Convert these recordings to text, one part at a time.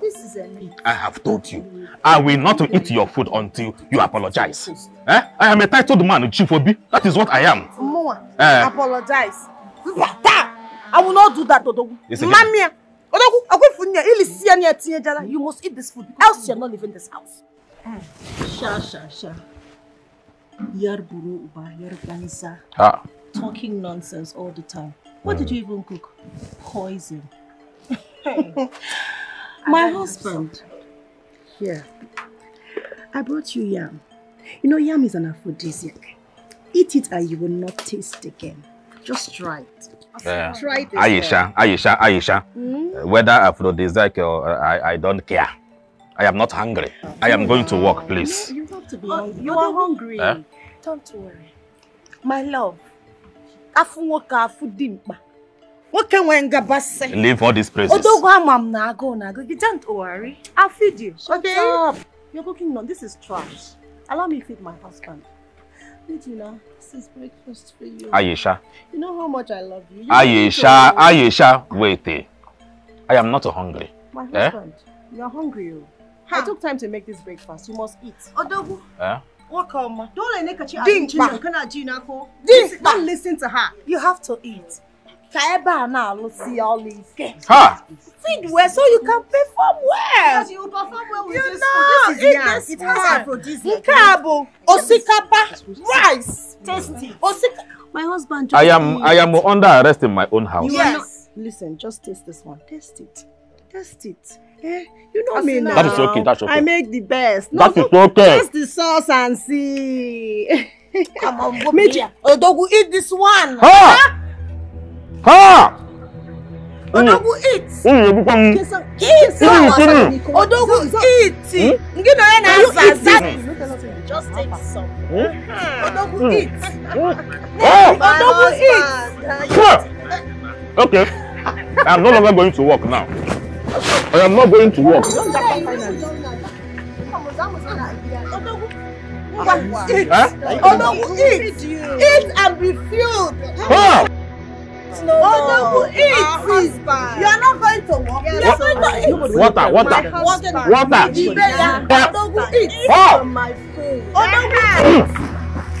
this is I have told you. I will not eat your food until you apologize. Eh? I am a titled man, Chief Obi. That is what I am. Moa, uh, eh. apologize. I will not do that, Dodogu. Mamia. Odogu, I go for near Ilisia near Tiajala. You must eat this food, else you're not leaving this house. Eh. Sha, sha, sha. buru Uba, Ah. Talking nonsense all the time. What did hmm. you even cook? Poison. My husband. yeah. I brought you yam. You know, yam is an aphrodisiac. Eat it and you will not taste again. Just try it. Uh, try it Aisha, Aisha, Aisha. Mm? whether aphrodisiac or I, I don't care. I am not hungry. Oh. I am going to work, please. You, you have to be oh, hungry. You are hungry. Eh? Don't worry. My love. I will afu dimkpa. What can we say? Leave all these praises. Although I'm go, go na go. You don't worry. I'll feed you. Shut okay. up. You're cooking no. This is trash. Allow me feed my husband. Regina, this is breakfast for you. Ayesha. You know how much I love you. you Ayesha, Ayesha, wait. Eh. I am not hungry. My eh? husband, eh? you are hungry. Oh. I took time to make this breakfast. You must eat. Odogu. Eh? Welcome. Don't let Nekachi Don't listen to her. You have to eat. Kaeba ebe lucy all alụsi ọlụ ike. Feed well so you can perform well. Because You perform well with you this know, food. This is yam. It has aphrodisiac. Nke osikapa rice. Tasty. Osika my husband just I am eat. I am under arrest in my own house. Yes. Not, listen, just taste this one. Taste it. Taste it. Eh, you know me now. That is okay. That's okay. I make the best. No, that no, is okay. Taste the sauce and see. Come on, go Meji. Odogu, eat this one. Ah! Huh? Ha! Odogu mm. eat. Mm, you become Yes, sir. Yes, sir. Odogu eat. Hmm? You know an answer. That just take hmm? some. Hmm? hmm. Odogu hmm. eat. Oh! Odogu eat. Sure. Okay. I'm no longer going to work now. I am not going to work. Odogu eat. Odogu eat. Eat and be filled. Oh! no more. Odogu, eat. You are not going to work. you are going to eat. Water, water, water. water. Odogu, eat. Oh. From my food. Odogu, eat.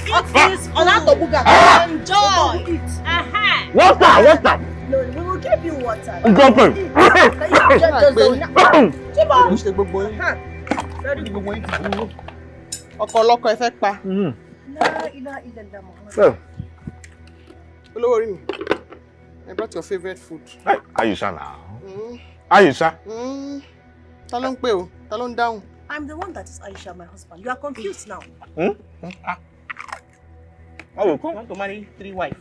Eat this food. Ah. Olatobuga, ah. enjoy. Odogu, eat. Aha. Water, uh-huh. water. No, we will give you water. Girlfriend. Just don't. Keep on. ọkọ ọlọ́kọ ẹ fẹ́ pa. Mm-hmm. olówó orí mi. I brought your favorite food. Hey, Aisha now. Mm. Aisha. Mm. Ta ló ń pè o, ta ló I'm the one that is Aisha, my husband. You are confused now. Hmm? hmm? Ah. I will come. want to marry three wives.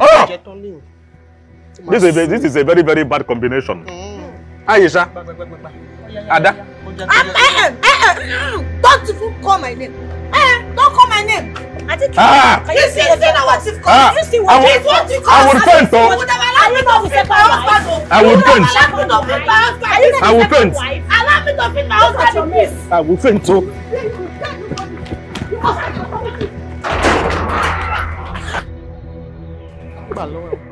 Oh! This is, a, this is a very, very bad combination. Mm. Aisha. Ada. Um, eh, eh, eh, eh. Don't even call my name. Eh, don't call my name. Auntie Kim, ah, can you see what you've come? Ah, you see what you've come? I will faint, though. I will faint. I would faint. I will faint. Allow me to feed my husband, please. I would faint, though. Balão é um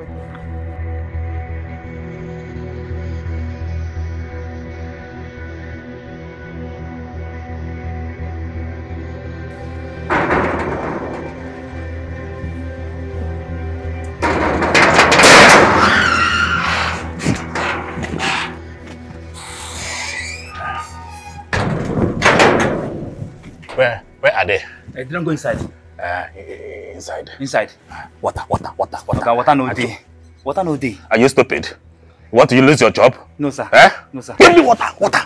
I eh, didn't go inside. Uh, inside. Inside. Ah, water, water, water, water. Okay, water no ah, day. Water no day. Are you stupid? Want you lose your job? No, sir. Eh? No, sir. Give me water, water.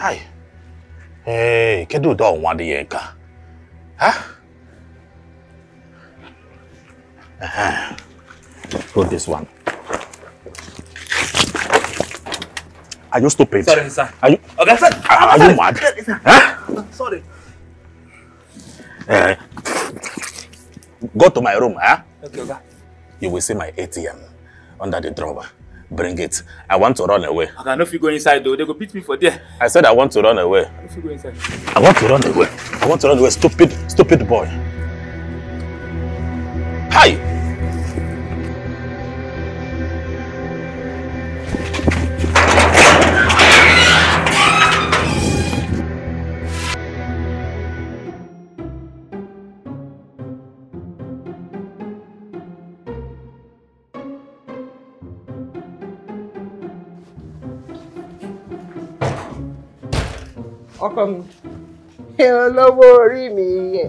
Hi. Hey, kedu don't want the yanka. Huh? Uh -huh. Put this one. Are you stupid? Sorry, sir. Are you, okay, sir. Are, are sorry. you mad? Sorry, Huh? Sorry. Uh, go to my room, huh? Eh? Okay, okay. You will see my ATM under the drawer. Bring it. I want to run away. Okay, no if you go inside though. They go beat me for there. I said I want to run away. if you go inside. I want to run away. I want to run away. Stupid, stupid boy. Hi! worry me. How orí mi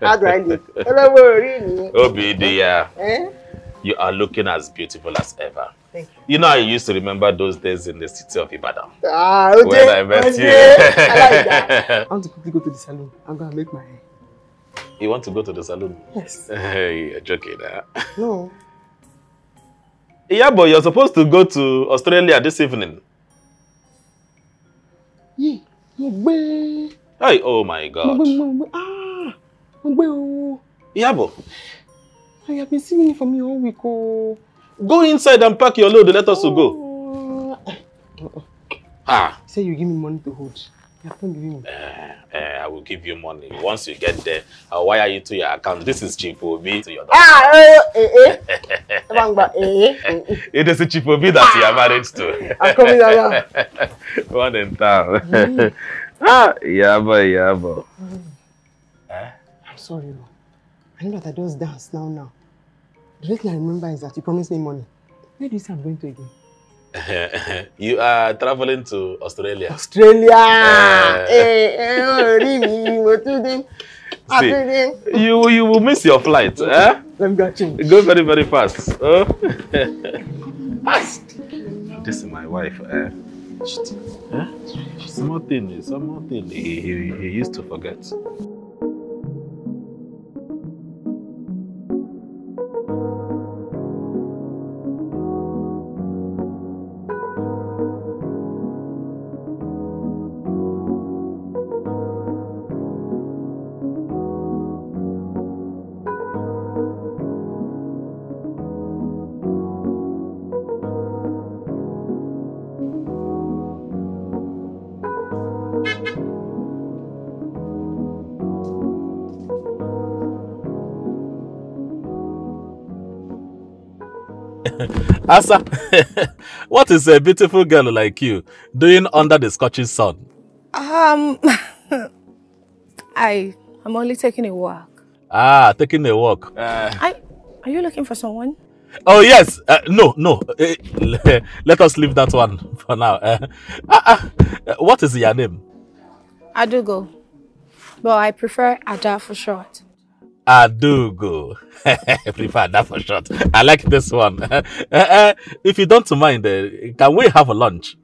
agrandi olówó orí mi. obi dear eh? you are looking as beautiful as ever. Thank you. You know, I used to remember those days in the city of Ibadan. Ah, okay. When I met okay. you. I like that. I want to quickly go to the salon. I'm going to make my hair. You want to go to the salon? Yes. You're joking, huh? Eh? No. Yeah, but you're supposed to go to Australia this evening. Hey, oh my God. ah mo gbé I have been singing for me all week Go inside and pack your load let us oh. go. Ah. ah. Say you give me money to hold. You're not giving me. Uh, eh, uh, eh, I will give you money. Once you get there, I'll wire you to your account. This is Chipobi to your daughter. Ah, eh, eh, eh. eh? eh It is a Chipobi that you are married to. I'm ah, coming here. One in town. Mm. ah, yabo, yabo. Mm. Eh? I'm sorry, ma. I know that I just dance now, now. The only thing I remember is that you promised me money. Where do you say I'm going to again? you are traveling to Australia. Australia! Uh, See, you, you will miss your flight. Eh? Let me go change. Go very, very fast. Oh. fast! Ah, this is my wife. Eh? Huh? Small thing, small thing. He, he, he used to forget. Asa, what is a beautiful girl like you doing under the scorching sun? Um, I, I'm only taking a walk. Ah, taking a walk. Uh, I, are you looking for someone? Oh, yes. Uh, no, no. Uh, let us leave that one for now. Uh, ah, ah. what is your name? Adugo. But I prefer Ada for short. Adugo. Prefer that for short. I like this one. Eh, eh, if you don't mind, eh, can we have a lunch?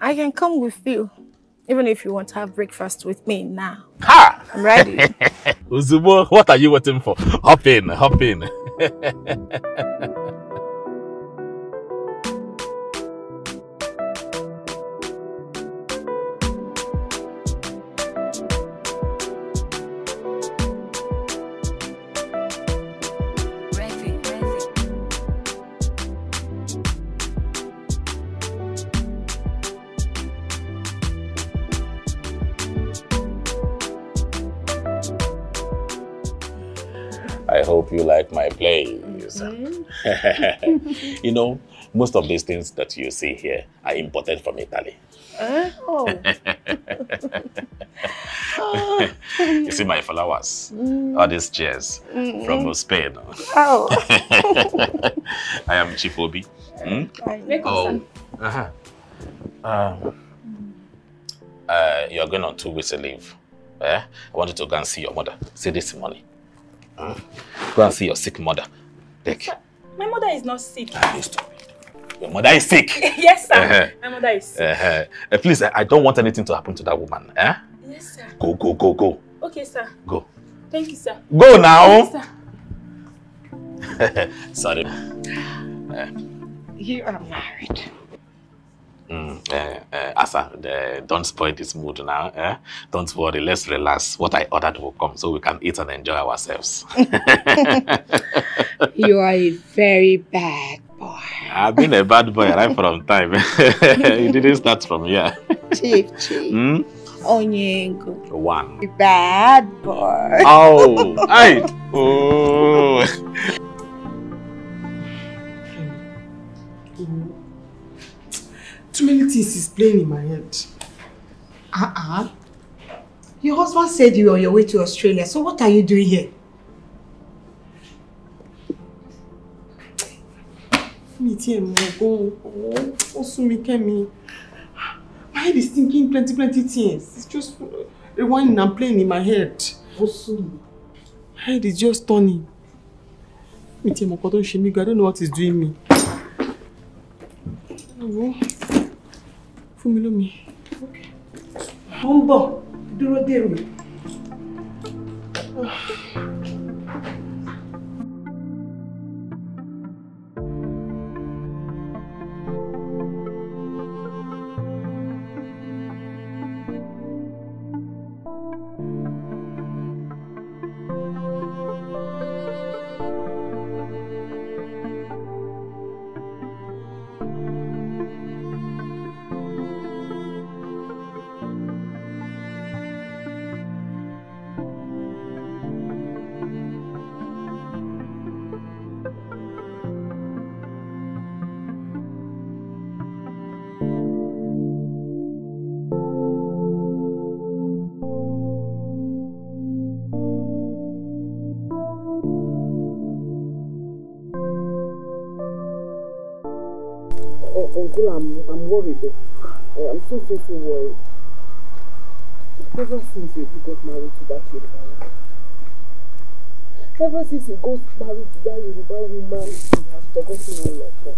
I can come with you, even if you want to have breakfast with me now. Ha! I'm ready. Uzubo, what are you waiting for? Hop in, hop in. you know, most of these things that you see here are imported from Italy. Oh. you see my flowers, mm. all these chairs mm from mm-hmm. Spain. Oh. I am Chief Obi. Hmm? Oh. Uh-huh. Um, uh -huh. uh, you're going on two weeks leave. Eh? I want you to go and see your mother. See this money. Hmm? Go and see your sick mother. Take. My mother is not sick. That ah, is stupid. Your mother is sick. yes, sir. Uh -huh. My mother is sick. Uh-huh. Uh -huh. please, I, don't want anything to happen to that woman. Eh? Yes, sir. Go, go, go, go. Okay, sir. Go. Thank you, sir. Go now. Yes, sir. Sorry. You are married. Mm, uh, uh, Asa, don't spoil this mood now. Eh? Don't worry, let's relax. What I ordered will come so we can eat and enjoy ourselves. you are a very bad boy. I've been a bad boy right from time. it didn't start from here. Chief, chief. Hmm? Onyengo. One. Bad boy. Oh, Oh. Too many things is playing in my head. Uh-uh. Your husband said you were on your way to Australia, so what are you doing here? Mi ti ẹ̀ mọ̀ gan mi kẹ́mi. My head is thinking plenty plenty things. It's just rewinding and playing in my head. Ó My head is just turning. Mi ti ẹ̀ mọ̀ nǹkan tó I don't know what is doing me. Wo fún mi lómi. mo ń bọ̀ dúró dè Oh. Uncle, I'm, I'm worried. Uh, I'm so, so, so worried. Ever since you got married to that Yoruba ever since you got married to that Yoruba woman, he has forgotten all of her.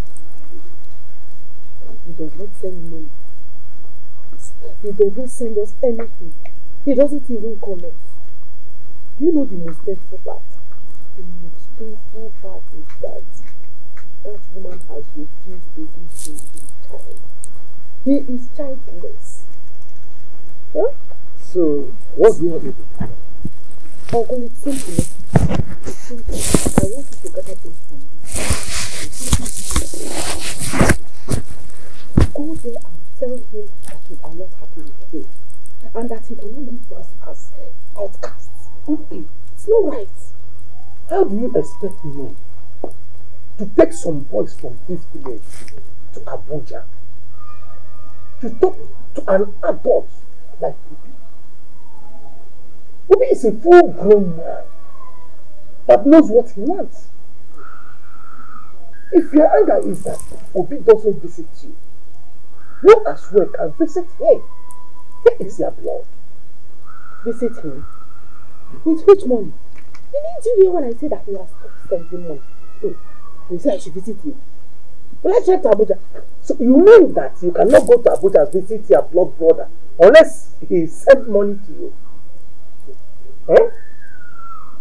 He does not send money. He does not send us anything. He doesn't even comment. Do you know the most painful part? The most painful part is that that woman has refused to give him a child. He is childless. Huh? So, what do you want me to do? Uncle, it's simple. It's simple. I want you to get up from Go there and tell him that you are not happy with him and that he cannot leave us as outcasts. Mm -mm. It's not right. How do you expect me to take some boys from this village to Abuja, to talk to an adult like Ubi. Ubi is a full grown man that knows what he wants. If your anger is that Obi doesn't visit you, you as well can visit him. He is your blood. Visit him? With which money? Didn't you hear when I said that he has stopped sending money? He said I should visit you. Well, I to Abuja. So you mean that you cannot go to Abuja to visit your blood brother unless he sent money to you? Eh?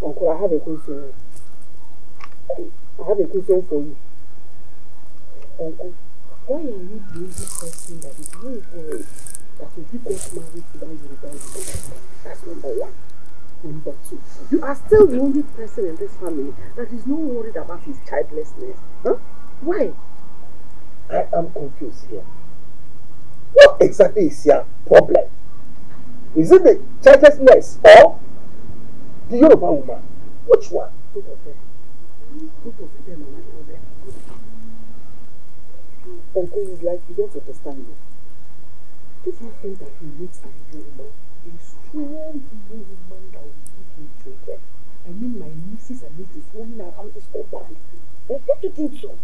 Uncle, I have a question. I have a question for you. Uncle, why are you doing this person that is very good that will be married to that Yoruba That's number one. number You are still the only person in this family that is not worried about his childlessness. Huh? Why? I am confused here. What exactly is your problem? Is it the childlessness or the Yoruba woman? Which one? Both of them. Both of them are my problem. Uncle is like, you don't understand me. Do you think that he needs a you, he's strong, I mean my nieces and nieces running around this whole land. I don't you think so?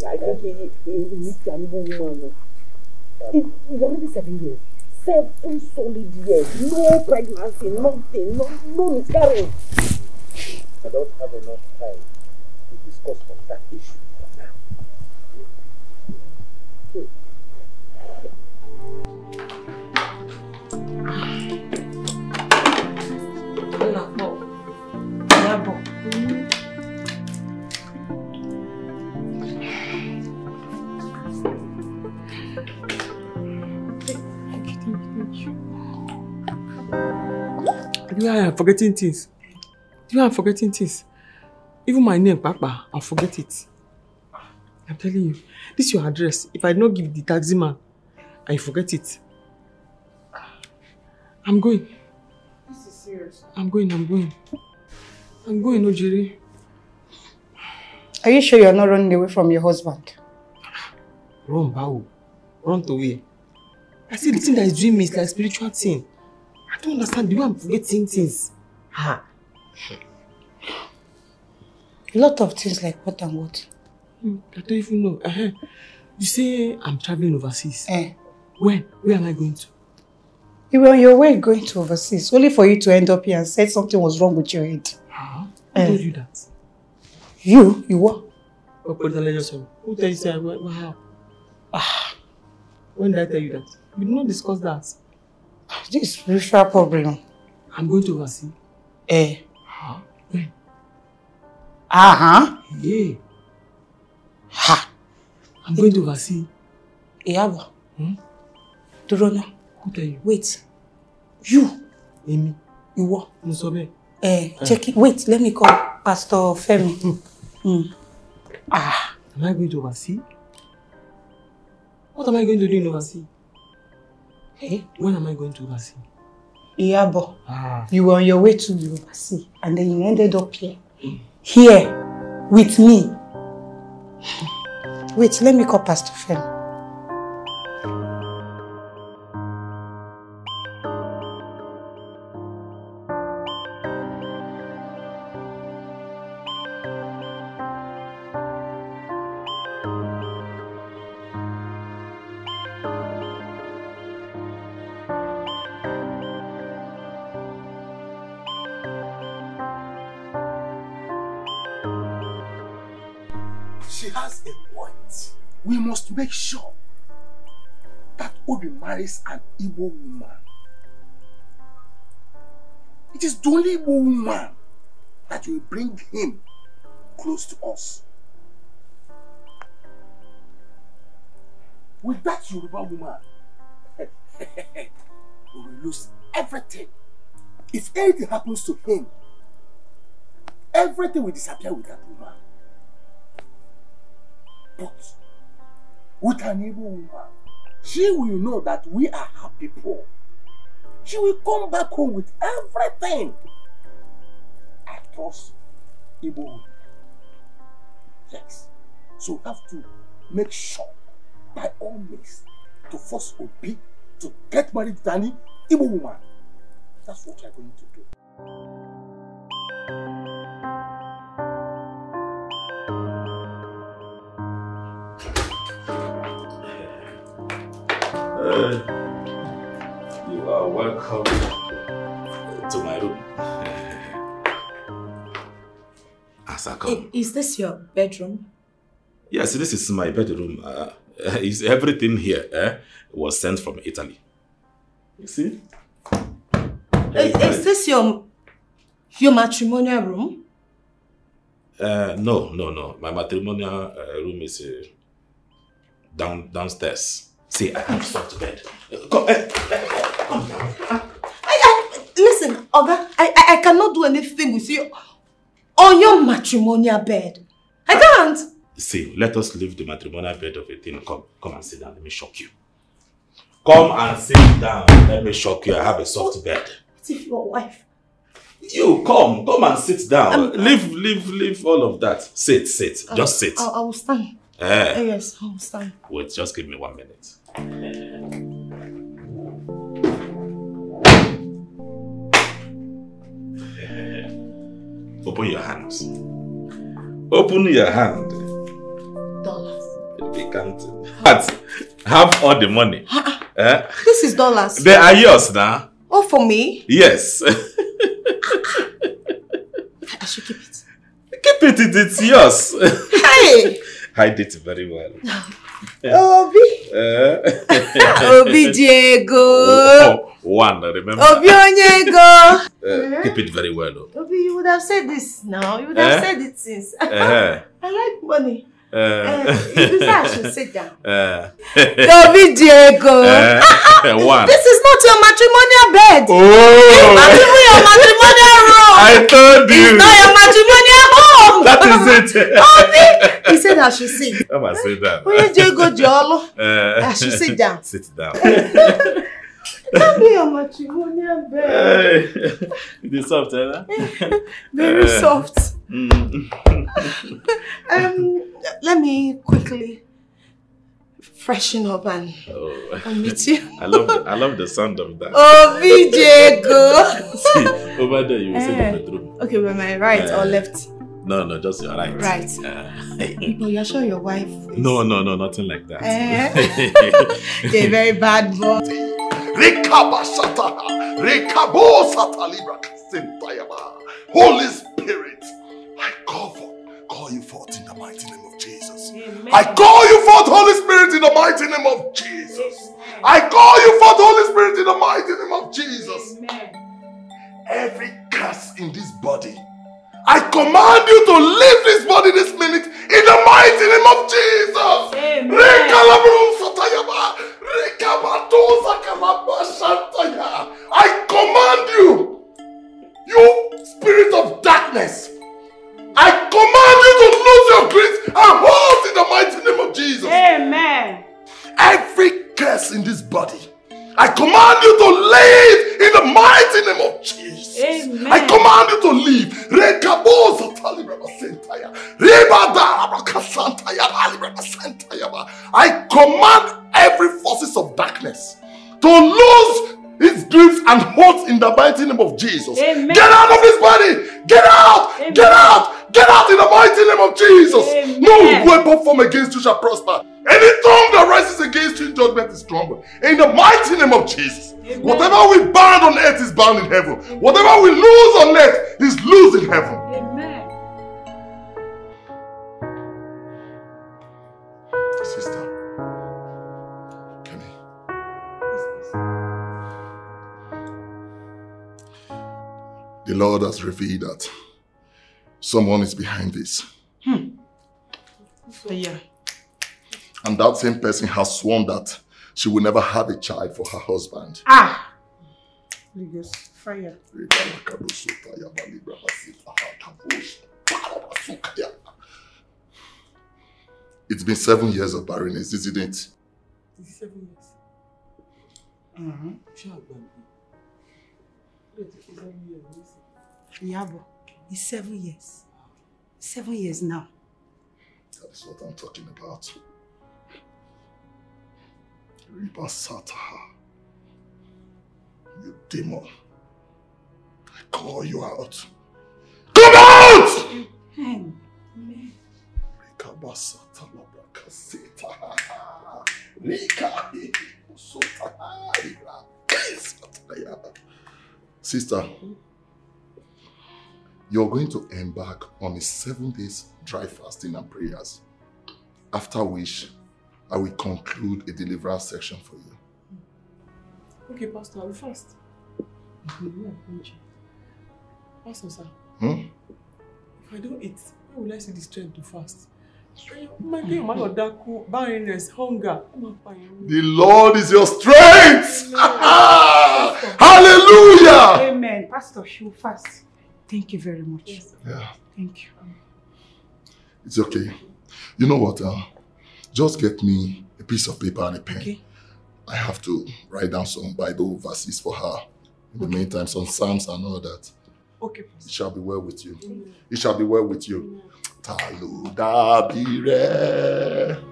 Yeah, I think he, he, he needs an evil woman. It, it's already seven years. Seven solid years. No pregnancy, nothing, no, no miscarriage. I don't have enough time to discuss on that issue. you know I am forgetting things? you know I am forgetting things? Even my name, Papa, I forget it. I'm telling you, this is your address. If I don't give the taxi man, I forget it. I'm going. This is serious. I'm going, I'm going. I'm going, Ojiri. Are you sure you're not running away from your husband? Run, Bao. Run away. I see the thing that is doing me is like spiritual thing don't understand the way I'm forgetting things. Ha. A lot of things like what and what? Hmm, I don't even know. Uh -huh. You say I'm traveling overseas. Eh. When? Where am I going to? You were on your way going to overseas, only for you to end up here and said something was wrong with your head. Huh? Who eh. told you that? You? You what? Oh, but tell yourself. Who told you that? Wow. Ah. When did I tell you that? We did not discuss that. This spiritual problem. I'm going to Wasi. Eh. Huh? Uh-huh. Yeah. Ha. I'm going to Wasi. Iyabo. Eh, hmm? Dorona. Who tell you? Wait. You. Amy. You what? Eh, check it. Wait, let me call Pastor Femi. Hmm. hmm. Ah. Am I going to Wasi? What am I going to do in Wasi? Hey, eh, when am I going to Ubasi? Iyabo, ah. you were on your way to Ubasi and then you ended up here. Mm. Here, with me. Wait, let me call Pastor Fem. She has a point. We must make sure that Obi marries an Igbo woman. It is the only Igbo woman that will bring him close to us. With that Yoruba woman, we will lose everything. If anything happens to him, everything will disappear with that woman. But with an evil woman, she will know that we are her people. She will come back home with everything. I trust evil Yes. So we have to make sure, by all means, to force Obi to get married to an Igbo woman. That's what we're going to do. you are welcome to my room. come. Is this your bedroom? Yes, this is my bedroom. Uh, is everything here eh, was sent from Italy. You see? Uh, is, is this your your matrimonial room? Uh, no, no, no. My matrimonial uh, room is uh, down downstairs. See, I have to to bed. Come, uh, come. I, I, listen, Oga, I, I, cannot do anything with you on your matrimonial bed. I can't. See, let us leave the matrimonial bed of a thing. Come, come and sit down. Let me shock you. Come and sit down. Let me shock you. I have a soft what, bed. What if your wife? You come, come and sit down. leave, leave, leave all of that. Sit, sit, just sit. I, will stand. Eh. Yes, I will stand. Wait, just give me one minute. Open your hands. Open your hand. Dollars. They can't. What? Have all the money. Uh, eh? This is dollars. They are yours now. Oh, all for me? Yes. Ah, ah. I should keep it. Keep it, it's yours. Hey! Hide it very well. Oh, Obi. Eh? Obi Diego, ego. Oh, one, remember. Obi onye ego. Eh, keep it very well. Obi, you would have said this now. You would have eh? said it since. I like money. Uh, uh, I should sit down. Uh, Obi Diego. Uh, one. This is not your matrimonial bed. Oh. It's not even your matrimonial room. I told you. It's not your matrimonial that is it. oh, he said I should sit. I must sit down. When you do go jollo, eh. I should sit down. Sit down. Can't be a matrimonial bed. it is soft, Ella. Eh, Very uh, soft. Mm. um, let me quickly freshen up and, oh. and meet you. I love the, I love the sound of that. Oh, VJ, go. See, over there you will uh, see the bedroom. Okay, by my right uh, or left? No, no, just your right. Right. Uh, but you're sure your wife. Is... No, no, no, nothing like that. Eh? are very bad boy. Holy Spirit, I call call you forth in the mighty name of Jesus. Amen. I call you forth, Holy Spirit, in the mighty name of Jesus. Amen. I call you forth, Holy Spirit, in the mighty name of Jesus. Amen. Every curse in this body I command you to leave this body this minute in the mighty name of Jesus. Amen. I command you, you spirit of darkness. I command you to lose your grace and hold in the mighty name of Jesus. Amen. Every curse in this body, I command you to leave in the mighty name of Jesus. Amen. I command you to leave. I command every forces of darkness to lose its grips and holds in the mighty name of Jesus. Amen. Get out of this body! Get out! Amen. Get out! Get out in the mighty name of Jesus! Amen. No weapon formed against you shall prosper. Any tongue that rises against you in judgment is stronger. In the mighty name of Jesus. Amen. Whatever we bind on earth is bound in heaven. Amen. Whatever we lose on earth is loose in heaven. Amen. Sister. Kenny. The Lord has revealed that someone is behind this. Hmm. So, yeah. And that same person has sworn that she will never have a child for her husband. Ah! Lagos, fire. It's been seven years of barrenness, isn't it? Is it seven years? Uh-huh. Mm-hmm. Yabo, it's seven years. Seven years now. That is what I'm talking about. Ribasataha. You demon. I call you out. Come out! Amen. Sister, you're going to embark on a seven days dry fasting and prayers, after which I will conclude a deliverance section for you. Okay, Pastor, I will fast. Pastor, sir. Hmm? If I don't eat, where will I see the strength to fast? The Lord is your strength. Hallelujah. Amen. Pastor, she will fast. Thank you very much. Yes, yeah. Thank you. It's okay. You know what? Uh, just get me a piece of paper and a pen. Okay. I have to write down some Bible verses for her. In the okay. meantime, some psalms and all that. Okay. Please. It shall be well with you. Amen. It shall be well with you. Talodabire.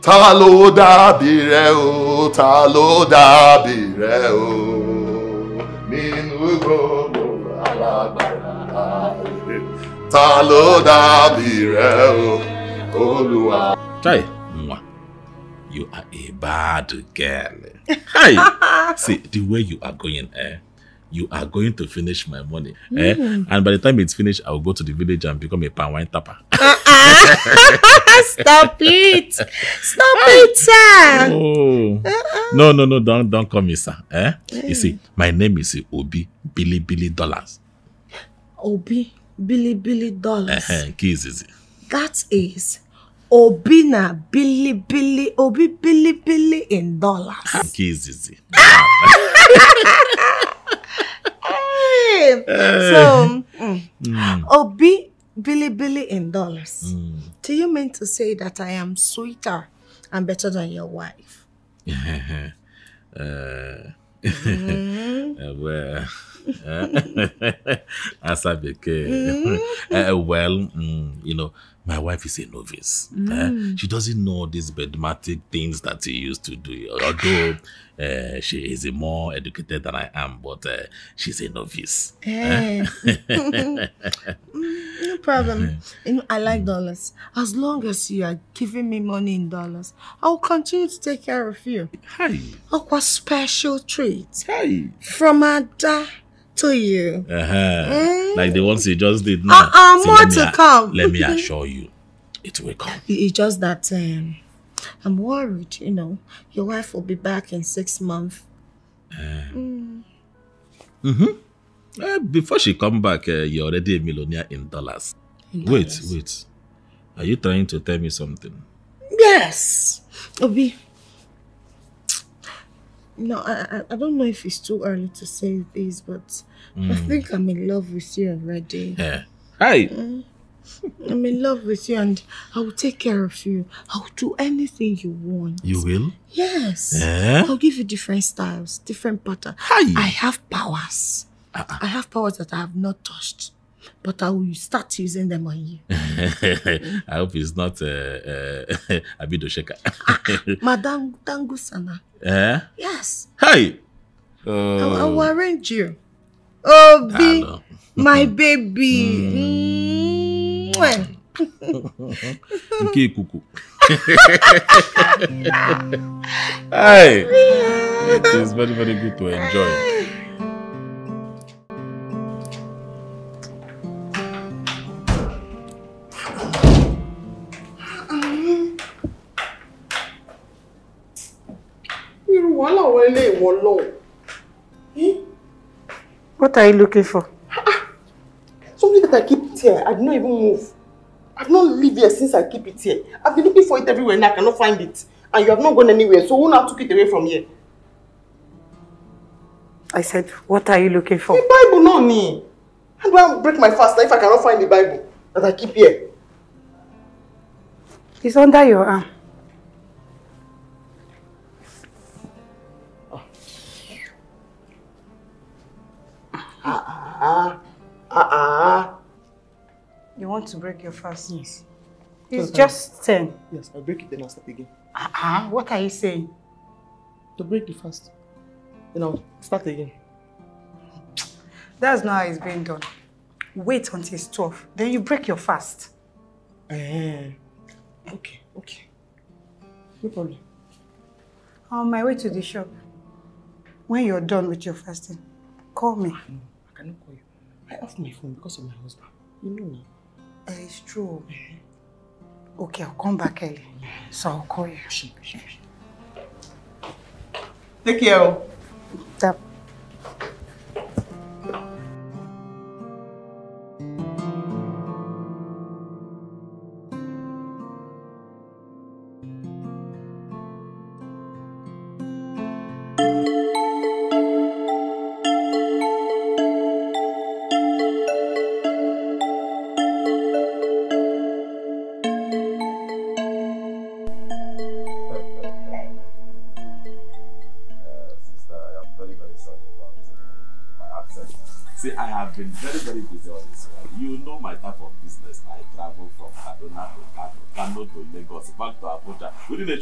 Talodabire o. Talodabire o. Nínú gbogbo alágbára. Talodabire o. Olúwa. Chai, mwah, you are a bad girl. Hi. See, the way you are going, eh? You are going to finish my money. Eh? Mm. And by the time it's finished, I will go to the village and become a pan wine tapper. Uh-uh. Stop it. Stop it, sir. Oh. Uh-uh. No, no, no, don't don't call me, sir. Eh? Mm. You see, my name is Obi Billy Billy Dollars. Obi Billy Billy Dollars. Uh-huh. Kids, is it? That is Obina Billy Billy Obi Billy Billy in dollars. Easy. hey. Eh. So mm, mm. Obi Billy Billy in dollars. Mm. Do you mean to say that I am sweeter and better than your wife? uh, uh, well, as I became, mm. well, mm, you know, my wife is a novice. Mm. Eh? She doesn't know these bedmatic things that she used to do. Although uh, she is more educated than I am, but uh, she's a novice. Hey. Eh? eh. Mm, no problem. I like mm. dollars. As long as you are giving me money in dollars, I will continue to take care of you. Hey, Hey. Aqua special treat. Hey. From Ada to you. Uh-huh. Mm. Like the ones you just did now. Uh-uh, more to me, come. Let me assure you, it will come. It's just that um, I'm worried, you know. Your wife will be back in six months. Uh mm. Mm-hmm. Uh, before she come back, uh, you're already a millionaire in dollars. wait, wait. Are you trying to tell me something? Yes. Obi, no, I, I don't know if it's too early to say this, but mm. I think I'm in love with you already. Yeah. Hi. Mm. I'm in love with you and I'll take care of you. I'll do anything you want. You will? Yes. Yeah. I'll give you different styles, different pattern. Hi. I have powers. Uh -uh. I have powers that I have not touched but I will start using them on you. I hope it's not uh, uh, Abido Sheka. Ah, ah, Madam Dangusana. Eh? Yes. Hey! Oh. I, I will oh. arrange you. Oh, ah, be my baby. Mm. Mm. hey, it is very very good to enjoy What are you looking for? Ah, ah. Something that I keep here, I did not even move. I've not lived here since I keep it here. I've been looking for it everywhere and I cannot find it. And you have not gone anywhere, so who now took it away from here? I said, what are you looking for? The Bible, no me. How do I break my fast if I cannot find the Bible that I keep here? It's under your arm. Uh-uh. Uh-uh. You want to break your fast? Yes. It's just 10. Yes, I'll break it then I'll start again. Uh-uh. What are you saying? To break the fast. Then I'll start again. That's not how it's being done. Wait until it's 12. Then you break your fast. Uh, okay, okay. No problem. On my way to the shop, when you're done with your fasting, call me. Mm. cannot call you. I off my phone because of my husband. You know me. Uh, it's true. Mm-hmm. Okay, I'll come back early. So I'll call you. Take care. That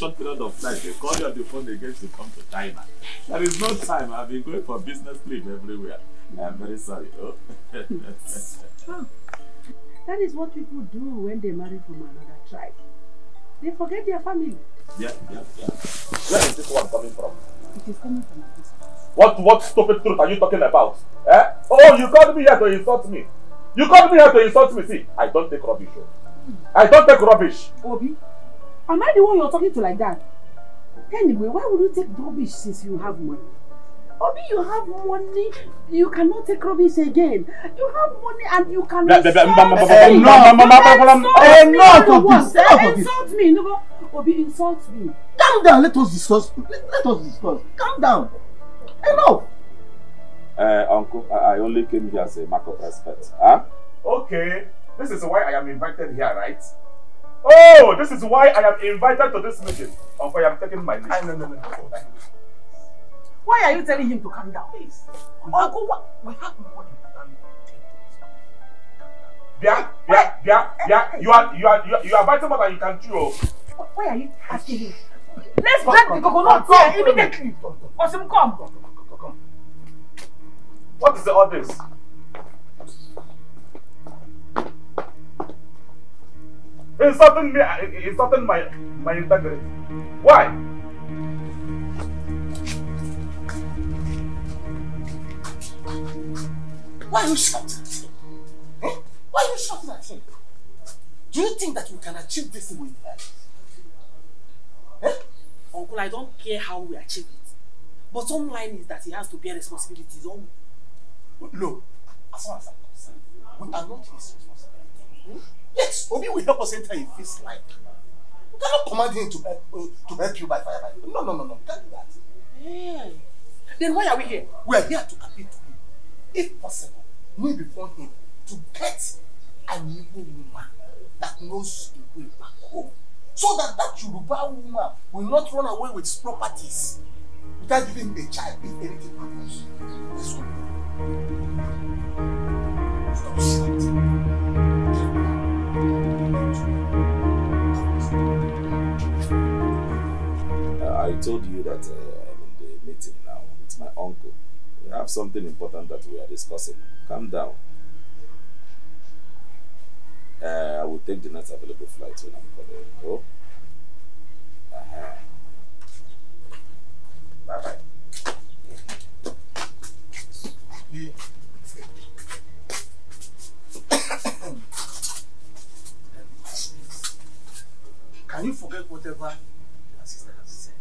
short period of time, they call you on the phone again to come to China. There is no time. I've been going for business trip everywhere. I'm very sorry. Oh. oh. That is what people do when they marry from another tribe. They forget their family. Yeah, yeah, yeah. Where is this one coming from? It is coming from a What, what stupid truth are you talking about? Eh? Oh, you called me here to insult me. You called me here to insult me. See, I don't take rubbish. Oh. Hmm. I don't take rubbish. Obi, Am I the one you're talking to like that? Anyway, why would you take rubbish since you have money? Obi, you have money, you cannot take rubbish again. You have money and you cannot sell me. Enough of this, enough of this. Insult me, no, Obi, insult me. Calm down, let us discuss, let, let us discuss. Calm down. Enough. Uh, uncle, I, I only came here as a mark of respect. Huh? Okay, this is why I am invited here, right? Oh, this is why I am invited to this meeting. Uncle, I am taking my leave. Ah, no, no, no, no. Why are you telling him to calm down? Please. Uncle, oh, what? We have money. Bia, Bia, yeah, yeah. you are, you are, you are, you are biting more than you can chew. Oh. Why are you asking him? Let's grab the coconut here immediately. Osim, come. What is all this? insulting me, insulting my, my integrity. Why? Why are you shouting at him? Huh? Eh? Why are you shouting at him? Do you think that we can achieve this in one Huh? Eh? Uncle, I don't care how we achieve it. But some line is that he has to bear responsibilities on No. As far as I'm concerned, we are not his responsibility. Hmm? Yes, Obi will help us enter if feels like. You cannot command him to help, uh, to help you by fire. By No, no, no, no. You can't do that. Yeah. Then why are we here? We are here to appeal to him. If possible, kneel before him to get an evil woman that knows a way back home. So that that Yoruba woman will not run away with his properties without giving the child if anything happens. Let's go. Stop shouting. Uh, I told you that uh, I'm in the meeting now with my uncle. We have something important that we are discussing. Calm down. Uh, I will take the next available flight when I'm coming. Oh? whatever your sister has said.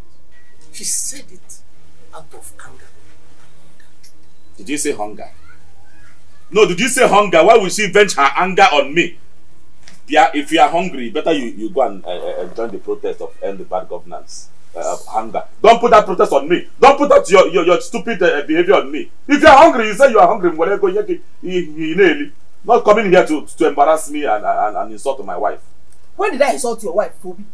She said it out of anger. Did you say hunger? No, did you say hunger? Why will she venge her anger on me? Yeah, if you are hungry, better you, you go and, uh, uh, uh join the protest of end the bad governance. Uh, hunger. Don't put that protest on me. Don't put that your, your, your stupid uh, behavior on me. If you are hungry, you say you are hungry. Not coming here to, to embarrass me and, and, and insult my wife. When did I insult your wife, Toby?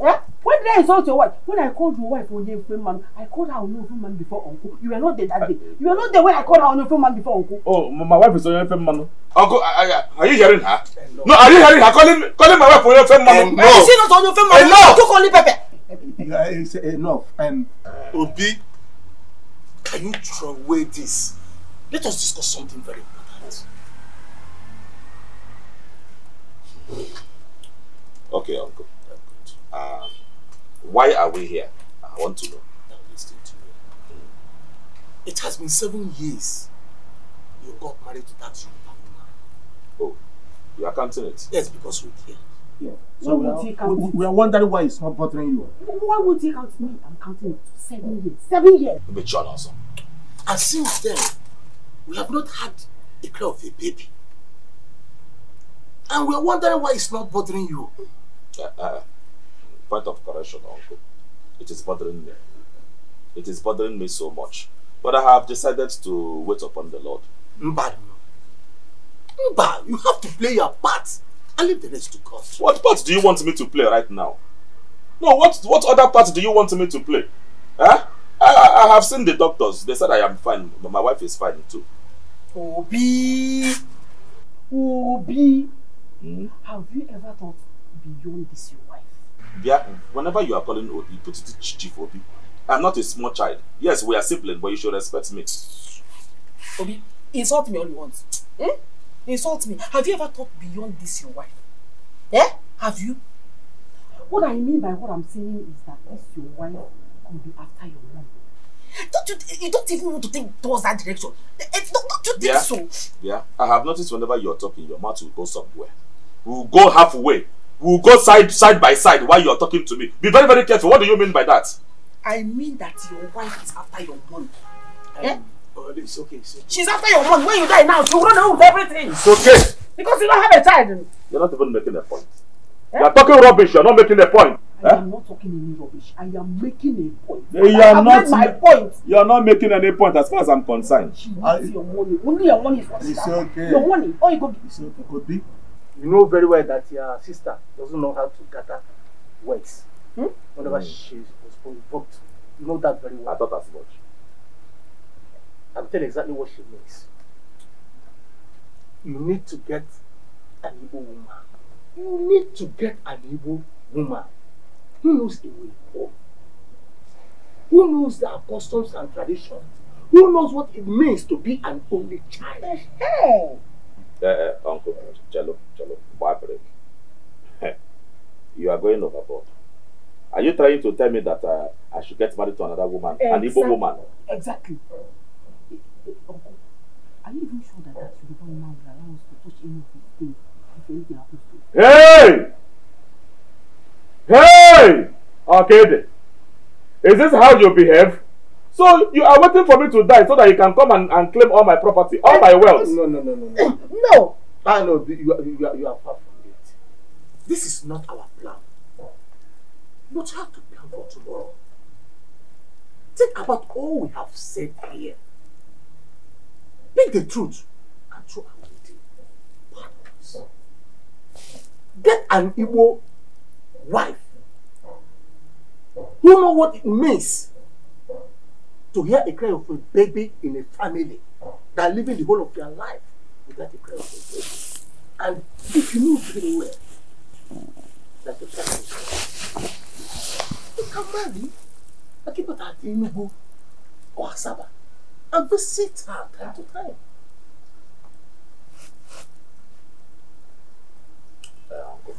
Eh? When did I insult your wife? When I called your wife on Onyefe Man, I called her on Onyefe Man before Uncle. You were not there that day. You were not there when I called her on Onyefe Man before Uncle. Oh, my wife is on your phone, Man. Uncle, I, I, are you hearing her? No. no, are you hearing her calling calling my wife Onyefe Man? Uh, eh, no. Is she not Onyefe Man? Enough. Took only Pepe. It's enough. And Obi, can you throw away this? Let us discuss something very important. Okay, Uncle. Uh, why are we here? I want to know. Hmm. It has been seven years you got married to that woman. Oh, you are counting it? Yes, because we're here. Yeah. So we, we are wondering why it's not bothering you. Why would he count me? I'm counting it seven years. Seven years. You'll be John also. And since then, we have not had a clue of a baby. And we are wondering why it's not bothering you. Uh, uh, point of correction, uncle. It is bothering me. It is bothering me so much. But I have decided to wait upon the Lord. Mba, Mba, you have to play your part and leave the rest to God. What part do you want me to play right now? No, what, what other part do you want me to play? Huh? I, I have seen the doctors. They said I am fine, but my wife is fine too. Obi! Obi! Hmm? Have you ever thought beyond this your wife? whenever you are calling Obi, put it Chief Obi. I'm not a small child. Yes, we are siblings, but you should respect me. Obi, insult me all you want. Eh? Insult me. Have you ever thought beyond this, your wife? Eh? Have you? What I mean by what I'm saying is that this your wife could be after your mom. Don't you, you don't even want to think towards that direction. It's eh, eh, not, don't you think yeah. so? Yeah, I have noticed whenever you're talking, your mouth will go somewhere. We'll go halfway We'll go side side by side while you are talking to me. Be very, very careful. What do you mean by that? I mean that your wife is after your money. Um, eh? Oh, it's okay, it's okay. She's after your money. When you die now, she'll run away with everything. It's okay. Because you don't have a child. You're not even making a point. Eh? You're talking rubbish. You're not making a point. I eh? am not talking any rubbish. I am making a point. Eh, you I are not my point. You are not making any point as far as I'm concerned. She needs I, your money. Only your money is what It's okay. Your money. All you go. It's okay. Could be you know very well that your sister doesn't know how to gather words. Hmm? Whenever mm. she was provoked, you know that very well. I thought as much. I'll tell you exactly what she means. You need to get an evil woman. You need to get an evil woman who knows the way home, who knows the customs and traditions, who knows what it means to be an only child. Hey. Eh, Uncle, Chalo, eh, Chalo, why break? you are going overboard. Are you trying to tell me that uh, I should get married to another woman, exactly. an Igbo woman? Exactly. Uncle, are you even sure that to touch any of things if anything happens to Hey! Hey! Arcade! Is this how you behave? So you are waiting for me to die so that you can come and, and claim all my property, all my wealth. No, no, no, no, no. Eh, no. I ah, know you are, you are, you are far from it. This is not our plan. But you have to plan for tomorrow. Think about all we have said here. Pick the truth and throw away the partners. Get an Igbo wife who know what it means to hear a cry of a baby in a family that living the whole of their life without a cry of a baby. And if you know very well that the cry. is you can marry Akibata at Enugu or Asaba and visit her time to time. Uh,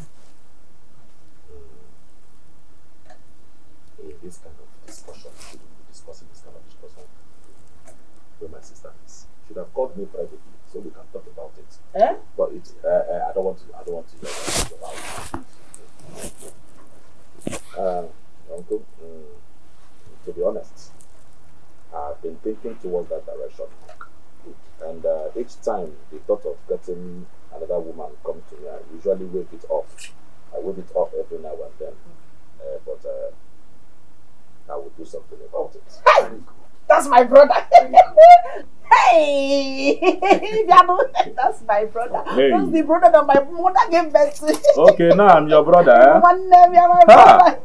in this kind of where my sister is. Should have called me privately so we can talk about it. Eh? But it, uh, eh, eh, I don't want to. I don't want to hear about uh, Uncle, mm, to be honest, I've been thinking towards that direction, and uh, each time the thought of getting another woman come to me, I usually wave it off. I wave it off every now and then, uh, but uh, I will do something about it. That's my brother. Hey, that's my brother. Hey. That's the brother that my mother gave birth to. okay, now I'm your brother. Eh? One uh, name, eh? you're my brother.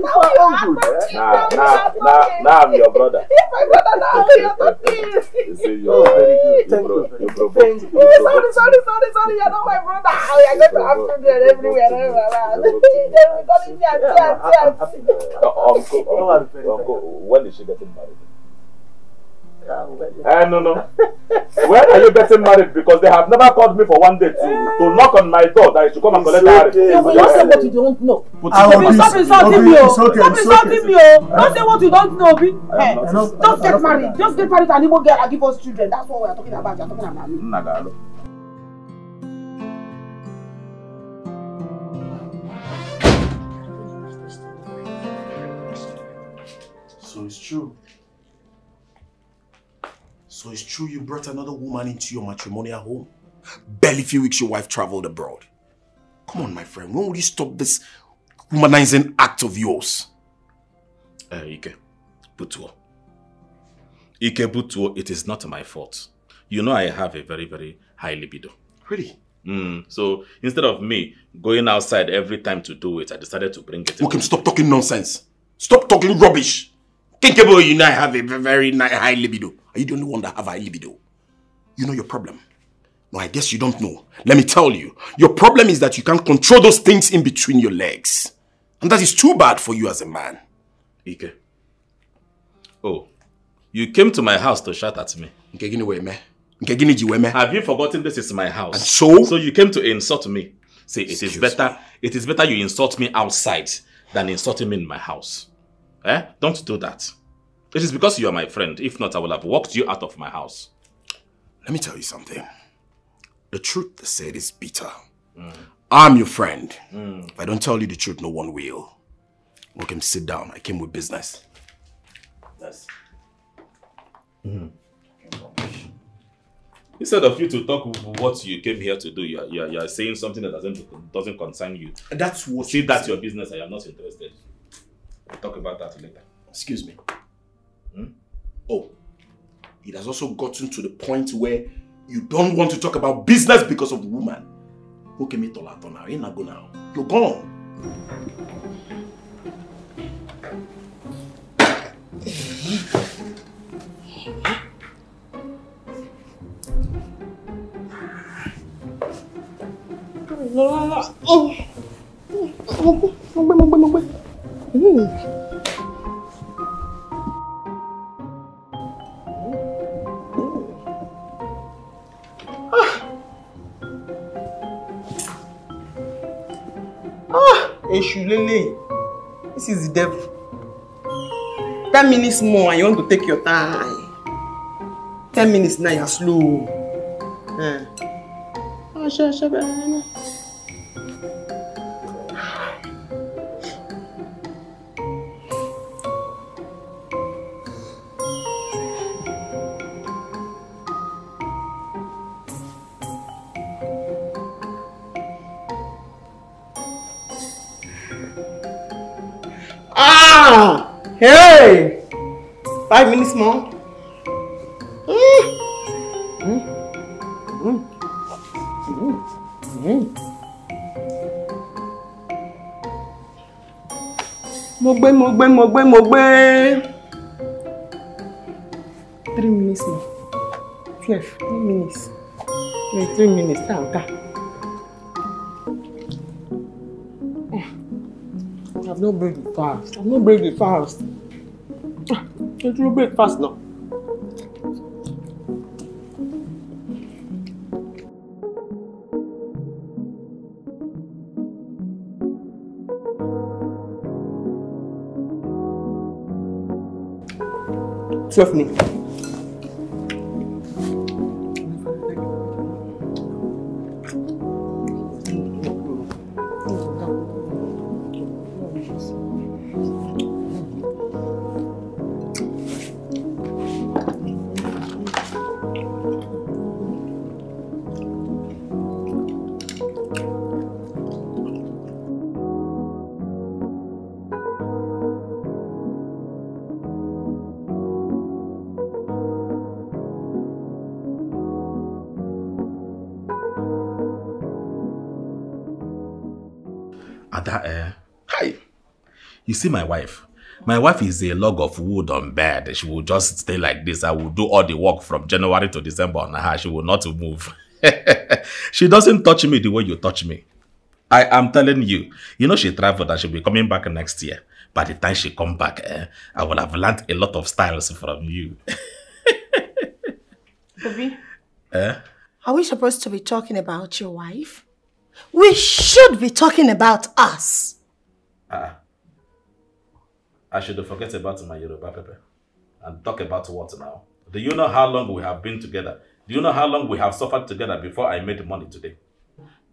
now I'm good. Eh? Now, now, now, now I'm your brother. Yes, my brother. Now you're talking. You say you're very good. Thank you. Bro, you bro, Thank you. Oh, bro, sorry, sorry, sorry, sorry. You're not my brother. We are going to have children everywhere. They're calling me auntie, auntie, auntie. Uncle, uncle, uncle, when is she getting married? Uh, no, no. Where are you getting married? Because they have never called me for one day to, eh. to knock on my door that I should come and collect marriage. Okay. Yeah, but you say what you don't know. Stop insulting me, oh. Stop insulting me, oh. Don't say what you don't know, Obi. Eh, hey, just get married. Just get married and even girl and give us children. That's what we're talking about. You're talking about me. So it's true. So it's true you brought another woman into your matrimonial home. Barely few weeks your wife traveled abroad. Come on, my friend, when will you stop this humanizing act of yours? Uh, Ike, Butuo. Ike Butuo, it is not my fault. You know I have a very, very high libido. Really? Mm, so instead of me going outside every time to do it, I decided to bring it. Okay, stop talking nonsense. Stop talking rubbish about you now have a very high libido. Are you the only one that have high libido? You know your problem. No, I guess you don't know. Let me tell you. Your problem is that you can't control those things in between your legs. And that is too bad for you as a man. Ike. Oh. You came to my house to shout at me. Have you forgotten this is my house? And so? So you came to insult me. See, it Excuse is better, me. it is better you insult me outside than insulting me in my house. Eh? Don't do that. It is because you are my friend. If not, I will have walked you out of my house. Let me tell you something. The truth they said is bitter. Mm. I'm your friend. Mm. If I don't tell you the truth, no one will. him, sit down. I came with business. Yes. Mm. Instead of you to talk what you came here to do, you are, you are, you are saying something that doesn't, doesn't concern you. That's what See, that's your business. I am not interested. We'll talk about that later. Excuse me. Hmm? Oh, it has also gotten to the point where you don't want to talk about business because of woman. Okay, me tolato now. You're not go now. You're gone. Oh, oh. oh. oh. Ooh. Ah. Ah. This is the devil. 10 minutes more and you want to take your time. 10 minutes now you're slow. Uh. Hey! Five minutes more. Mm. Mm. Mm. Mm. Mm. Mo gbé, mo gbé, mo gbé, mo gbé. Three minutes more. Twelve, three minutes. Three, three ah, minutes, tá, tá. I've not break the fast. I've not break the fast ṣe dúró breakfast náà. twelve minutes. You see my wife? My wife is a log of wood on bed. She will just stay like this. I will do all the work from January to December on her. She will not move. she doesn't touch me the way you touch me. I am telling you. You know she traveled and she'll be coming back next year. By the time she come back, eh, I will have learned a lot of styles from you. Bobby, eh? are we supposed to be talking about your wife? We should be talking about us. Ah. -uh. I should forget about my Yoruba pepper and talk about what now? Do you know how long we have been together? Do you know how long we have suffered together before I made money today?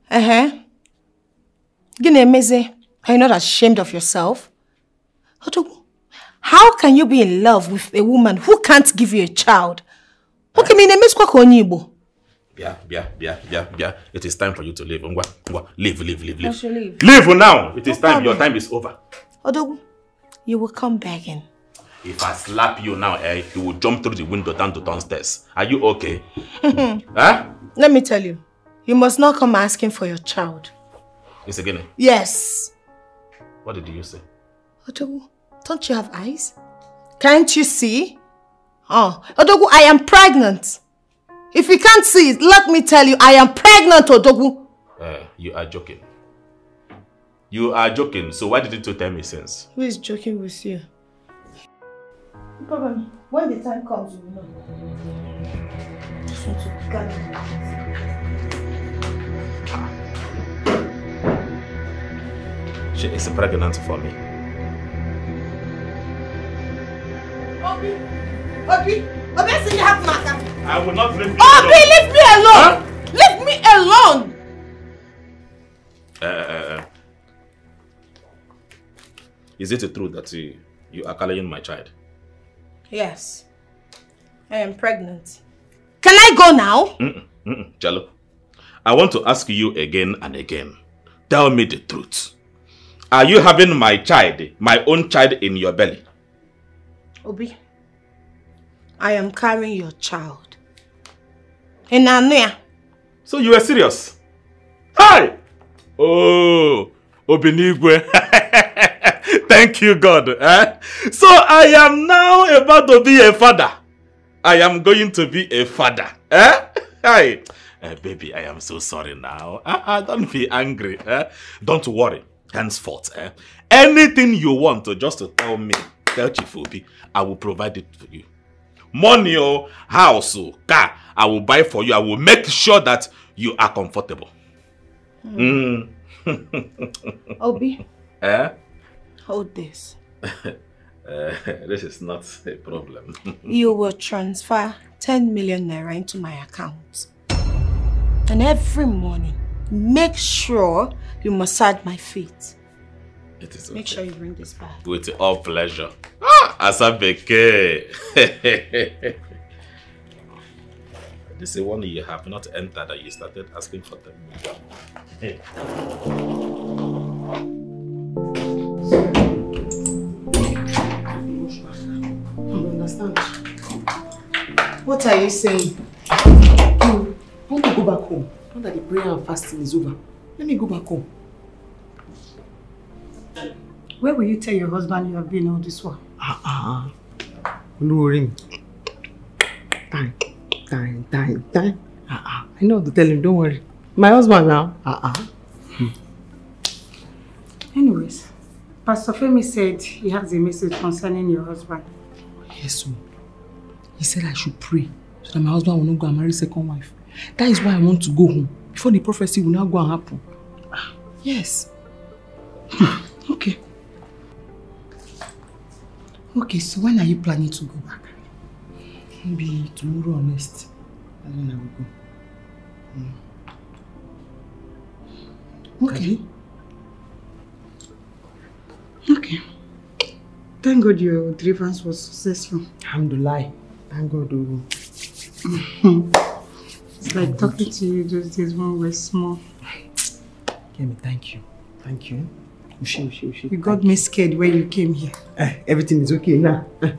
Uh-huh. Gine Meze, are you not ashamed of yourself? How can you be in love with a woman who can't give you a child? Okay, me name is Kwakonibo. Yeah, yeah, yeah, yeah, yeah. It is time for you to leave. leave, leave, leave, leave. Leave now. It is oh, time. Your time is over. Odogu you will come begging. If I slap you now, eh, you will jump through the window down to downstairs. Are you okay? huh? Mm-hmm. Eh? Let me tell you, you must not come asking for your child. Is again? Yes. What did you say? Odogu, don't you have eyes? Can't you see? Oh, Odogu, I am pregnant. If you can't see it, let me tell you, I am pregnant, Odogu. Uh, you are joking. You are joking, so why didn't you tell me since? Who is joking with you? No problem. When the time comes, you will know. Just want to She is pregnant for me. Obi! Obi! Obi, I you have matter. I will not leave you Obi, leave me alone! Huh? Leave me alone! Uh, uh, uh. Is it true truth that uh, you are carrying my child? Yes. I am pregnant. Can I go now? Mm-mm, mm-mm, Chalo. I want to ask you again and again. Tell me the truth. Are you having my child, my own child in your belly? Obi, I am carrying your child. In Anuya. So you are serious? Hi! Oh, Obinigwe. Thank you, God. Eh? So I am now about to be a father. I am going to be a father. Eh? Hi. Uh, eh, baby, I am so sorry now. Uh, uh, don't be angry. Eh? Don't worry. Henceforth, eh? anything you want, to just to tell me, tell Chief Obi, I will provide it for you. Money, or oh, house, or oh, car, I will buy for you. I will make sure that you are comfortable. Mm. Mm. Obi. Eh? Hold this. uh, this is not a problem. you will transfer 10 million naira into my account. And every morning, make sure you massage my feet. It is okay. Make sure you bring this back. With all pleasure. Ah, Asabeke! this is one you have not entered that you started asking for 10 million. Hey. What are you saying? I want to go back home. Now that the prayer and fasting is over, let me go back home. Where will you tell your husband you have been all this while? Ah, ah, ah. worry. Time, time, time, time. Ah, ah. I know to tell him, don't worry. My husband now. Ah, ah. Anyways, Pastor Femi said he has a message concerning your husband. Yes, sir. He said I should pray so that my husband will not go and marry second wife. That is why I want to go home. Before the prophecy will not go and happen. Ah, yes. okay. Okay, so when are you planning to go back? Maybe tomorrow or next. That's when I will go. Mm. Okay. Okay. Thank God your deliverance was successful. Alhamdulillah. Thank God. Oh. it's like talking to you those days when we small. Kemi, thank you. Thank you. Ushi, ushi, ushi. You got thank me scared when you came here. Uh, everything is okay now. Uh,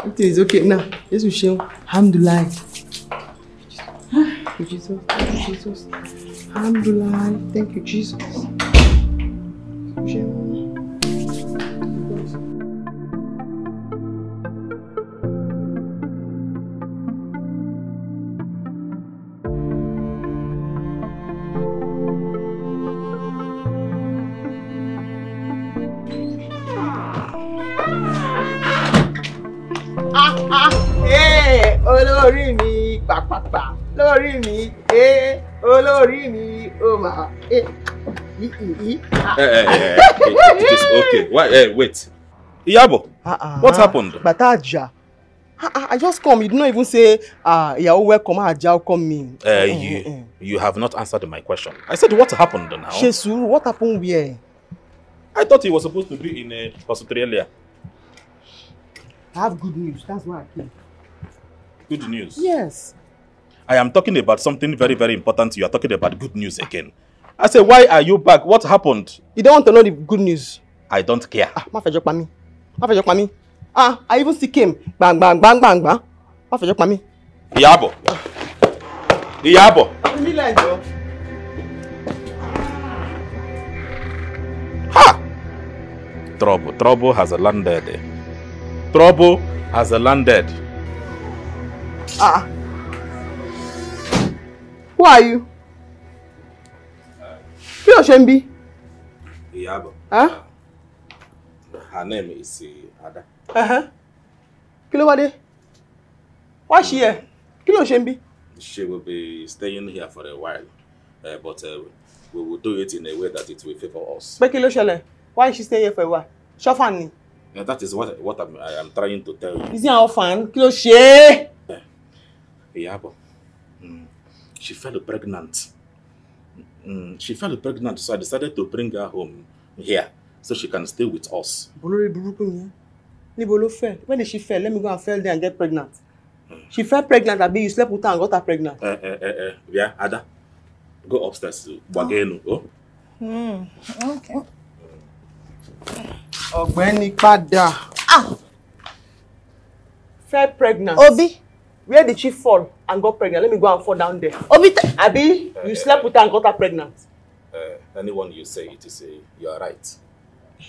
everything is okay now. Yes, Ushi. Alhamdulillah. Jesus. Thank you, Jesus. Alhamdulillah. Thank you, Jesus. Ushi. olórí mi pàpàpà lórí mi ẹ olórí mi ó máa ẹ yìí. Eh, eh, eh, it is okay Why, eh, wait Iyabo uh -uh. what happened. bàtà àjà. I, ah, I just come. You did not even say, uh, yeah, welcome, Ajao, come in. Uh, mm, you, mm, mm. you have not answered my question. I said, what happened now? Shesu, what happened where? I thought he was supposed to be in uh, Australia. I have good news. That's why I came. Good news? Yes. I am talking about something very, very important. You are talking about good news again. I said, why are you back? What happened? You don't want to know the good news. I don't care. Ah, má fẹjọ́ pa mí. Má fẹjọ́ pa Ah, I even see him. Bang, bang, bang, bang, bang. Má fẹjọ́ pa mí. Ìyábọ̀. Ìyábọ̀. Nílẹ̀ ẹ̀jọ̀. Ha! Trouble. Trouble has landed. Trouble has landed. Ah. Who are you? Bí o ṣe ń bí? Ìyábọ̀. Her name is uh, Ada. Uh huh. Kilo dé? Why she here? Kilo Shembi. She will be staying here for a while, uh, but uh, we will do it in a way that it will favor us. Pé Kilo ló Why is she staying here for a while? Ṣọ́fà ni. Yeah, that is what, what I'm, I am trying to tell you. Is he an orphan? Kilo ló ṣe Mm. She fell pregnant. Mm. She fell pregnant, so I decided to bring her home here so she can stay with us. When did she fell? Let me go and fell there and get pregnant. Mm. She fell pregnant, abi you slept with her and got her pregnant. Eh, eh, eh, yeah, Ada, go upstairs. Gbagenu, oh. Mm. Okay. When padà. Ah! Fell pregnant. Obi. where did she fall and got pregnant let me go and fall down there obi abi uh, you eh, slept with her and got her pregnant. Uh, anyone you say it is a you are right.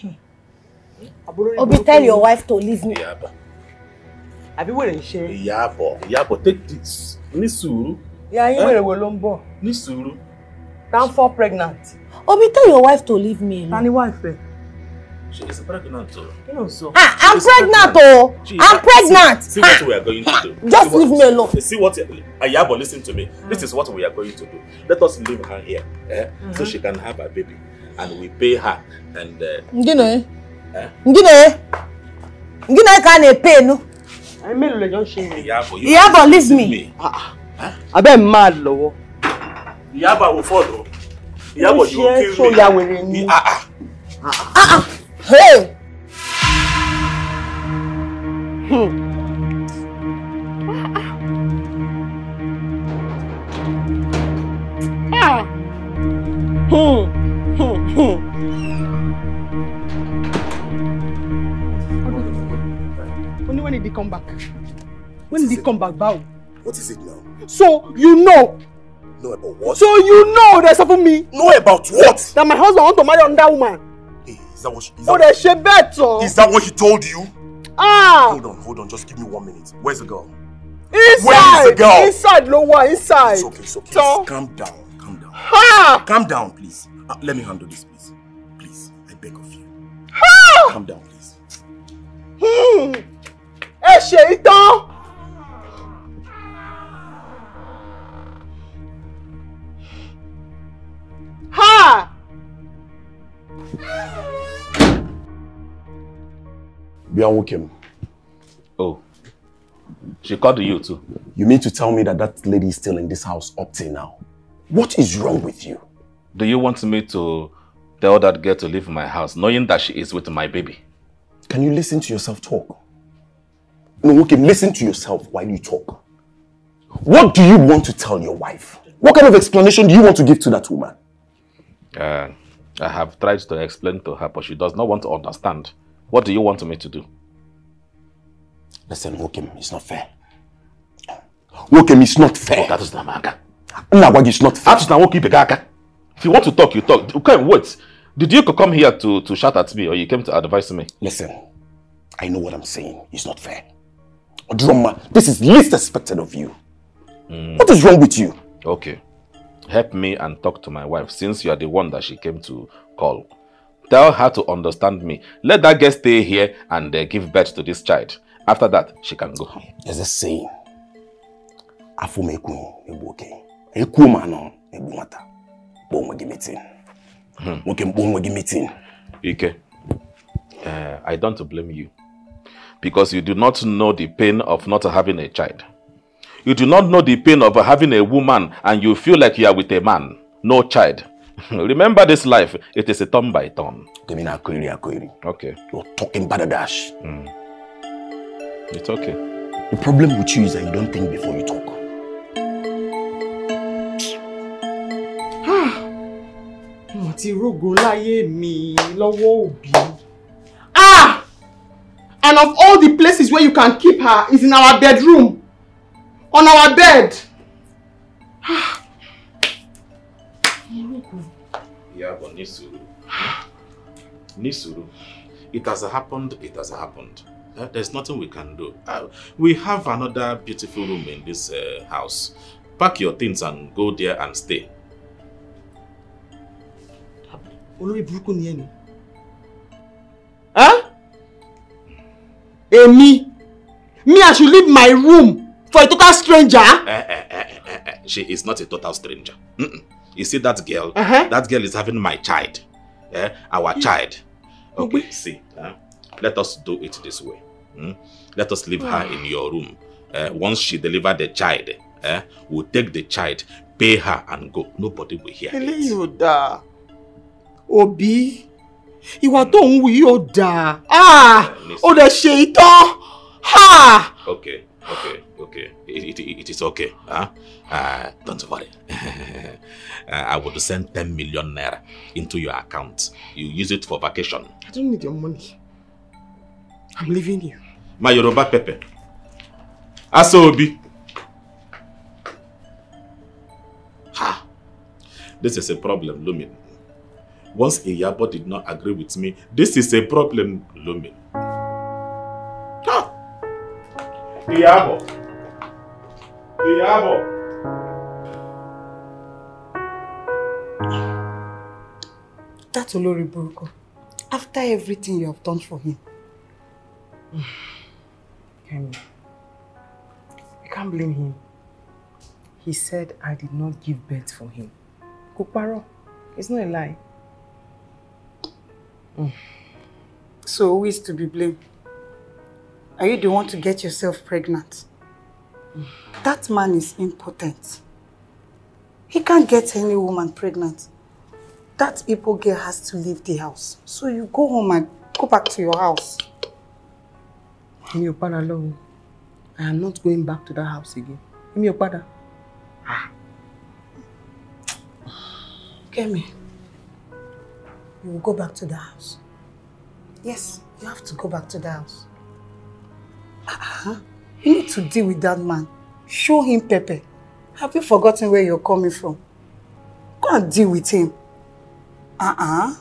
obi tell your wife to leave me. Iyabo abi wèrè ń ṣe. Yabo, Iyabo take this ní yeah, ìyá yín eh? wèrè wo ló ń bọ̀. fall pregnant. obi tell your wife to leave me Any wife ẹ. She's pregnant oh! Ah, I'm pregnant, pregnant. oh. She, I'm pregnant. See, see what ah. we are going to ah, do. Just leave me alone. See what, Ayabo, uh, listen to me. Mm. This is what we are going to do. Let us leave her here, eh? Mm-hmm. So she can have a baby, and we pay her. And. Uh, Ngine. Eh? Ngine. Ngine can pay no. I mean, you don't shame me. Ayabo, you. Ayabo, listen me. me. Ah, ah. I've been mad lọ́wọ́. Ayabo will follow. Ayabo, you will kill me. Ṣé ṣó Ah ah. Ah ah. ah Hey! Hmm. Hmm. Hmm. Hmm. Only when did he come back? When did he come back, Bao? What is it now? So you know. Know about what? So you know there's something me. Know about what? That my husband want to marry another woman. Is that what she... Is that, what, she better. is that what she told you? Ah! Hold on, hold on. Just give me one minute. Where's the girl? Inside! Where is the girl? Inside, lower, inside. It's okay, it's okay. So... Calm down, calm down. Ha! Calm down, please. Uh, let me handle this, please. Please, I beg of you. Ha! Calm down, please. Hmm. Ẹ ṣe Ha! Bianwu Oh. She called you too. You mean to tell me that that lady is still in this house up till now? What is wrong with you? Do you want me to tell that girl to leave my house knowing that she is with my baby? Can you listen to yourself talk? No, okay, listen to yourself while you talk. What do you want to tell your wife? What kind of explanation do you want to give to that woman? Uh, I have tried to explain to her, but she does not want to understand. What do you want me to do? Listen, Wokim, it's not fair. Wokim, it's oh, not fair. That is not the Now, Nnawagi, it's not fair. That's not Wokim, If you want to talk, you talk. Okay, wait. Did you come here to, to shout at me or you came to advise me? Listen, I know what I'm saying. It's not fair. drama. this is least expected of you. Mm. What is wrong with you? Okay. Help me and talk to my wife since you are the one that she came to call. Tell her to understand me. Let that girl stay here and uh, give birth to this child. After that, she can go. There's a saying. Afum ekun egbu oke. Ekwu ma nọ egbu nwata. Bụ onwe gị meeting. Nwoke hmm. Ike, uh, I don't blame you. Because you do not know the pain of not having a child. You do not know the pain of having a woman and you feel like you are with a man. No child. Remember this life, it is a turn by turn. They mean akwiri, akwiri. Okay. You're talking badadash. Mm. It's okay. The problem with you is that you don't think before you talk. mi Ah! And of all the places where you can keep her is in our bedroom. On our bed. Ah! Nisuru. Nisuru. It has happened, it has happened. Uh, there's nothing we can do. Uh, we have another beautiful room in this uh, house. Pack your things and go there and stay. Huh? Hey, me? Me, I should leave my room for a total stranger? Eh, eh, eh, she is not a total stranger. Mm -mm. you see that girl uh -huh. that girl is having my child eh? our yeah. Hmm. child mm-hmm. okay mm -hmm. see eh? let us do it this way hmm? let us leave her in your room eh? once she deliver the child eh? we'll take the child pay her and go nobody will hear eléyìí ò dáa òbí ìwà tó ń wù yìí ò dáa ó lè ṣe ìtàn. okay Okay, okay. It, it, it is okay. Huh? Uh, don't worry. uh, I would send 10 million naira into your account. You use it for vacation. I don't need your money. I'm leaving you. My Yoruba Pepe. Asobi. Ha! This is a problem, Lumin. Once Iyabo did not agree with me, this is a problem, Lumin. Diabo, Diabo. That Olori Buruko, after everything you have done for him. Kemi, you can't blame him. He said I did not give birth for him. Kuparo, it's not a lie. So who is to be blamed? Are you the one to get yourself pregnant? That man is impotent. He can't get any woman pregnant. That Igbo girl has to leave the house. So you go home and go back to your house. Your father alone. I am not going back to that house again. Give me your father. Ah. Kemi, you will go back to the house. Yes, you have to go back to the house. You need to deal with that man. Show him Pepe. Have you forgotten where you're coming from? Go and deal with him. Uh-uh.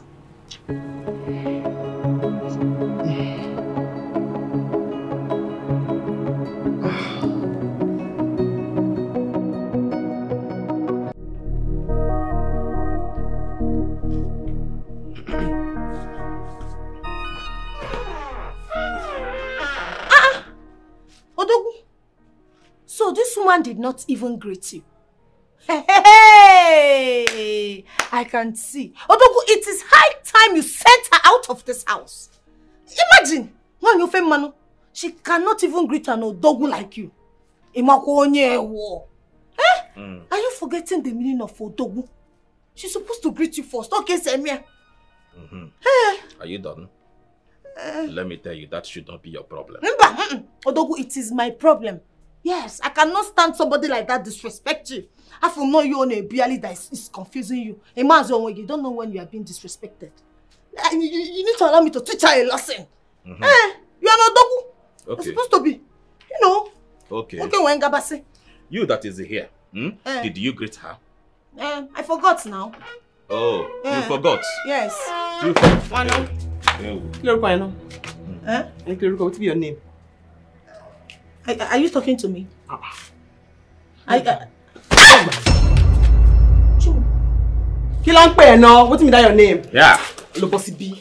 woman did not even greet you. Hey, I can see. Odogu, it is high time you sent her out of this house. Imagine, when you fame manu, she cannot even greet an Odogu like you. Imakwo Eh? Mm. Are you forgetting the meaning of Odogu? She's supposed to greet you first. Okay, Semia. Mm -hmm. hey. Eh. Are you done? Uh, Let me tell you, that should not be your problem. Mba, mm -mm. Odogu, it is my problem. Yes, I cannot stand somebody like that disrespect you. I of know you on a barely that is, is confusing you. Imagine when you don't know when you are being disrespected. And eh, you, you need to allow me to teach her a lesson. Mm -hmm. Eh, you are not dogu. Okay. You're supposed to be. You know. Okay. Okay, when Gabase. You that is here. Hmm? Eh. Did you greet her? Eh, I forgot now. Oh, eh. you forgot? Yes. You forgot. Wano. Eh, eh, oh. Kí lorúkọ Eh? náà? Ẹ kí lorúkọ, what be your name? Are, are you talking to me? Uh, I, uh, Kí ló ń pè ẹ́ náà? Wetin be that your name? Yeah. Lọ B.